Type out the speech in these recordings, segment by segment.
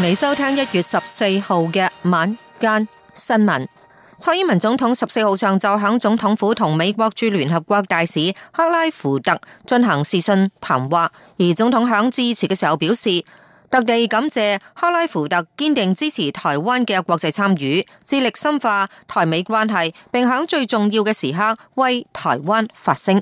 同你收聽一月十四號嘅晚間新聞。蔡英文總統十四號上晝喺總統府同美國駐聯合國大使克拉夫特進行視訊談話，而總統喺致辭嘅時候表示，特地感謝克拉夫特堅定支持台灣嘅國際參與，致力深化台美關係，並喺最重要嘅時刻為台灣發聲。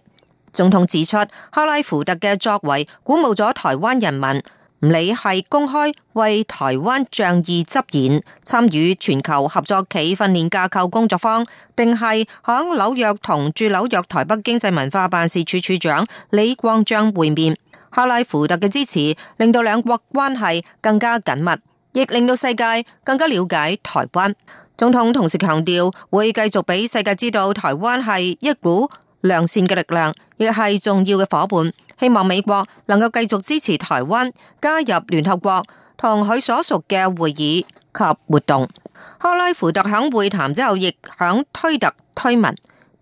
總統指出，克拉夫特嘅作為鼓舞咗台灣人民。唔理，係公開為台灣仗義執言，參與全球合作企訓練架構工作坊，定係響紐約同駐紐約台北經濟文化辦事處處長李光章會面。克拉福特嘅支持，令到兩國關係更加緊密，亦令到世界更加了解台灣。總統同時強調，會繼續俾世界知道台灣係一股。良善嘅力量，亦係重要嘅伙伴，希望美國能夠繼續支持台灣加入聯合國同佢所屬嘅會議及活動。克拉夫特響會談之後，亦響推特推文，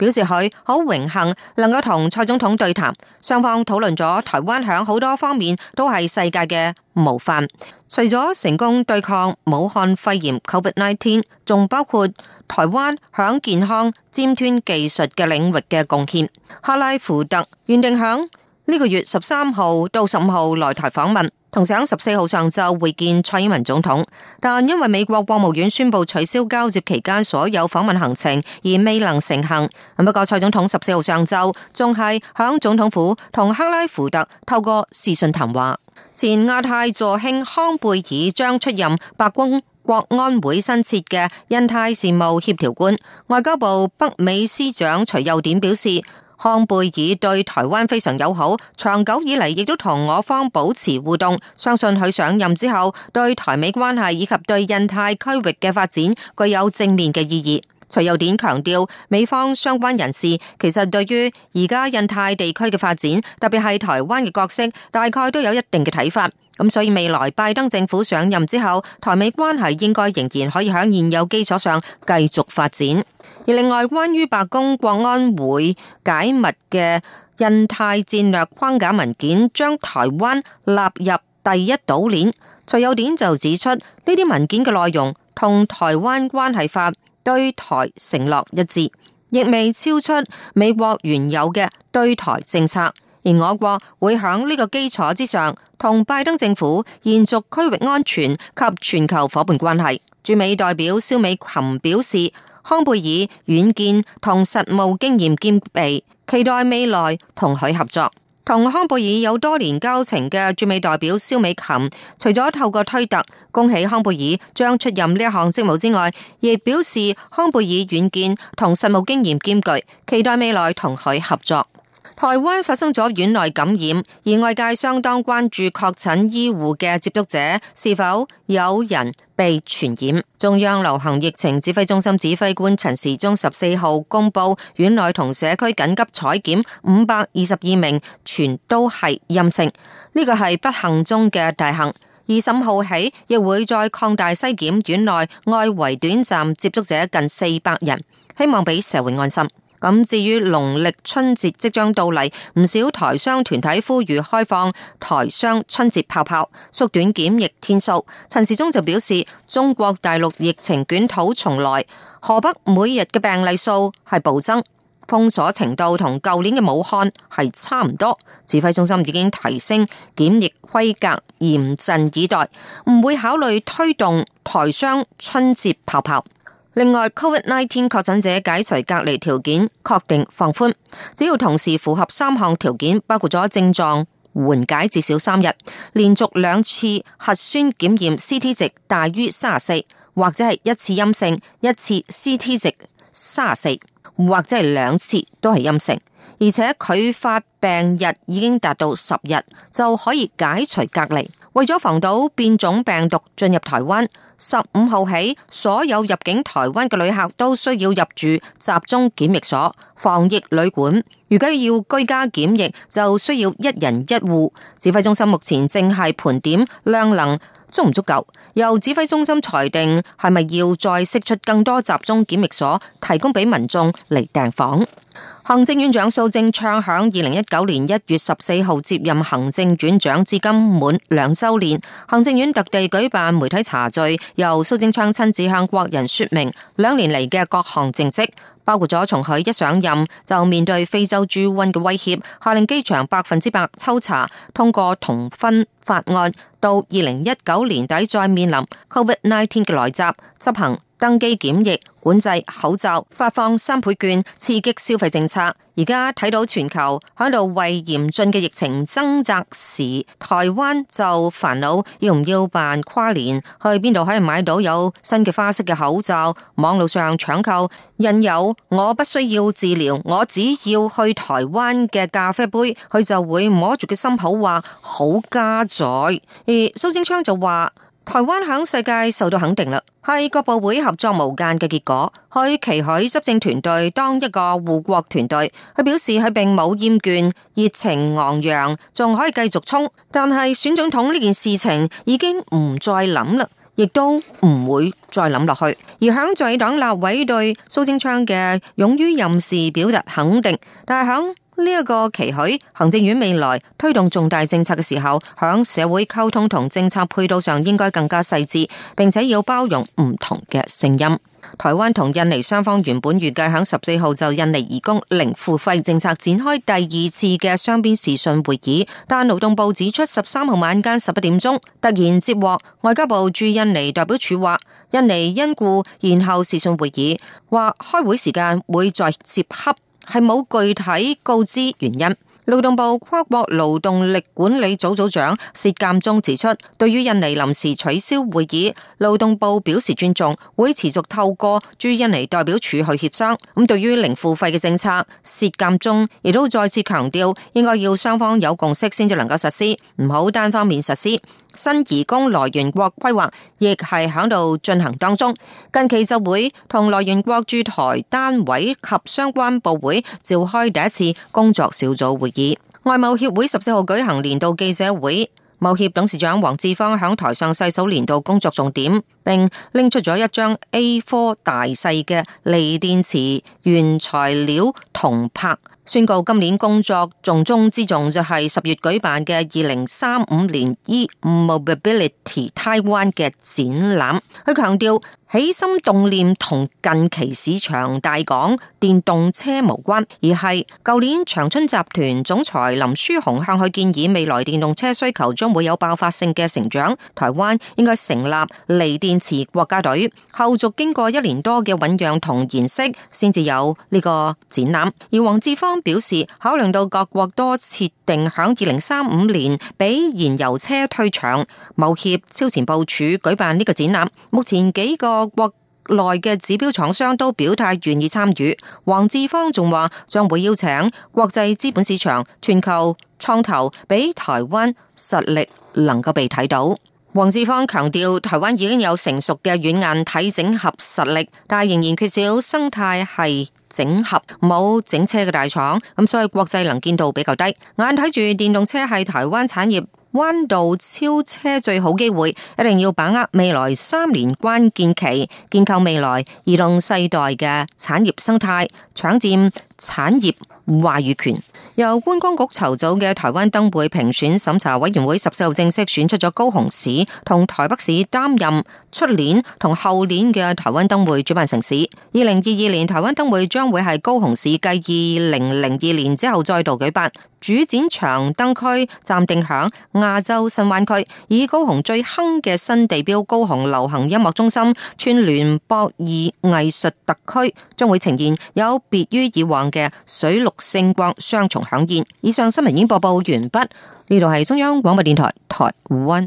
表示佢好榮幸能夠同蔡總統對談，雙方討論咗台灣響好多方面都係世界嘅模範，除咗成功對抗武漢肺炎 COVID-19 仲包括台灣響健康、尖端技術嘅領域嘅貢獻。哈拉福特原定響呢個月十三號到十五號來台訪問。同時喺十四號上晝會見蔡英文總統，但因為美國國務院宣布取消交接期間所有訪問行程，而未能成行。不過蔡總統十四號上晝仲係響總統府同克拉夫特透過視訊談話。前亞太助卿康貝爾將出任白宮國安會新設嘅印太事務協調官。外交部北美司長徐佑典表示。康貝爾對台灣非常友好，長久以嚟亦都同我方保持互動，相信佢上任之後對台美關係以及對印太區域嘅發展具有正面嘅意義。徐又典強調美方相關人士其實對於而家印太地區嘅發展，特別係台灣嘅角色，大概都有一定嘅睇法。咁所以未來拜登政府上任之後，台美關係應該仍然可以響現有基礎上繼續發展。而另外，關於白宮國安會解密嘅印太戰略框架文件，將台灣納入第一島鏈。徐有典就指出，呢啲文件嘅內容同《台灣關係法》對台承諾一致，亦未超出美國原有嘅對台政策。而我國會響呢個基礎之上，同拜登政府延續區域安全及全球夥伴關係。駐美代表蕭美琴表示。康貝爾遠見同實務經驗兼備，期待未來同佢合作。同康貝爾有多年交情嘅駐美代表蕭美琴，除咗透過推特恭喜康貝爾將出任呢一項職務之外，亦表示康貝爾遠見同實務經驗兼具，期待未來同佢合作。台灣發生咗院內感染，而外界相當關注確診醫護嘅接觸者是否有人被傳染。中央流行疫情指揮中心指揮官陳時中十四號公佈，院內同社區緊急採檢五百二十二名，全都係陰性。呢個係不幸中嘅大幸。二十五號起亦會再擴大篩檢院內外圍短暫接觸者近四百人，希望俾社會安心。咁至於農曆春節即將到嚟，唔少台商團體呼籲開放台商春節泡泡，縮短檢疫天數。陳時中就表示，中國大陸疫情捲土重來，河北每日嘅病例數係暴增，封鎖程度同舊年嘅武漢係差唔多。指揮中心已經提升檢疫規格，嚴陣以待，唔會考慮推動台商春節泡泡。另外，Covid nineteen 確診者解除隔離條件確定放寬，只要同時符合三項條件，包括咗症狀緩解至少三日，連續兩次核酸檢驗 CT 值大於三十四，或者係一次陰性，一次 CT 值三十四，或者係兩次都係陰性，而且佢發病日已經達到十日，就可以解除隔離。為咗防到變種病毒進入台灣，十五號起所有入境台灣嘅旅客都需要入住集中檢疫所、防疫旅館。如果要居家檢疫，就需要一人一戶。指揮中心目前正係盤點量能足唔足夠，由指揮中心裁定係咪要再釋出更多集中檢疫所，提供俾民眾嚟訂房。行政院長蘇貞昌響二零一九年一月十四號接任行政院長至今滿兩周年，行政院特地舉辦媒體茶敘，由蘇貞昌親自向國人說明兩年嚟嘅各項政績，包括咗從佢一上任就面對非洲豬瘟嘅威脅，下令機場百分之百抽查，通過同婚法案，到二零一九年底再面臨 Covid nineteen 嘅來襲執行。登機、檢疫、管制、口罩、發放三倍券、刺激消費政策。而家睇到全球喺度為嚴峻嘅疫情掙扎時，台灣就煩惱要唔要辦跨年？去邊度可以買到有新嘅花式嘅口罩？網路上搶購，印有我不需要治療，我只要去台灣嘅咖啡杯，佢就會摸住個心口話好加在。而蘇貞昌就話。台灣響世界受到肯定啦，係各部會合作無間嘅結果。佢期許執政團隊當一個護國團隊。佢表示佢並冇厭倦，熱情昂揚，仲可以繼續衝。但係選總統呢件事情已經唔再諗啦，亦都唔會再諗落去。而響在黨立委對蘇貞昌嘅勇於任事表達肯定，但係響。呢一個期許，行政院未來推動重大政策嘅時候，響社會溝通同政策配套上應該更加細緻，並且要包容唔同嘅聲音。台灣同印尼雙方原本預計響十四號就印尼移工零付費政策展開第二次嘅雙邊視訊會議，但勞動部指出十三號晚間十一點鐘突然接獲外交部駐印尼代表處話印尼因故延後視訊會議，話開會時間會再接洽。係冇具體告知原因。勞動部跨國勞動力管理組組長薛鑑忠指出，對於印尼臨時取消會議，勞動部表示尊重，會持續透過駐印尼代表處去協商。咁對於零付費嘅政策，薛鑑忠亦都再次強調，應該要雙方有共識先至能夠實施，唔好單方面實施。新移工來源國規劃亦係響度進行當中，近期就會同來源國駐台單位及相關部會召開第一次工作小組會議。外貿協會十四號舉行年度記者會，貿協董事長黃志芳響台上細數年度工作重點，並拎出咗一張 A4 大細嘅鋰電池原材料銅拍。宣告今年工作重中之重就係十月舉辦嘅二零三五年 e-mobility 台灣嘅展覽，佢強調。起心動念同近期市場大講電動車無關，而係舊年長春集團總裁林書鴻向佢建議，未來電動車需求將會有爆發性嘅成長。台灣應該成立鋰電池國家隊。後續經過一年多嘅醞釀同研議先至有呢個展覽。而黃志芳表示，考量到各國多設定響二零三五年俾燃油車退場，貿協超前部署舉辦呢個展覽。目前幾個。國內嘅指標廠商都表態願意參與，黃志芳仲話將會邀請國際資本市場、全球創投，俾台灣實力能夠被睇到。黃志芳強調，台灣已經有成熟嘅軟硬體整合實力，但仍然缺少生態系整合冇整車嘅大廠，咁所以國際能見度比較低，眼睇住電動車係台灣產業。彎道超車最好機會，一定要把握未來三年關鍵期，建構未來移動世代嘅產業生態，搶佔產業話語權。由觀光局籌組嘅台灣燈會評選審查委員會十四號正式選出咗高雄市同台北市擔任出年同後年嘅台灣燈會主辦城市。二零二二年台灣燈會將會係高雄市繼二零零二年之後再度舉辦。主展場燈區暫定響亞洲新灣區，以高雄最夯嘅新地標高雄流行音樂中心、串聯駁二藝術特區將會呈現有別於以往嘅水陸星光雙重響現，以上新聞已經播報完畢。呢度係中央廣播電台台灣。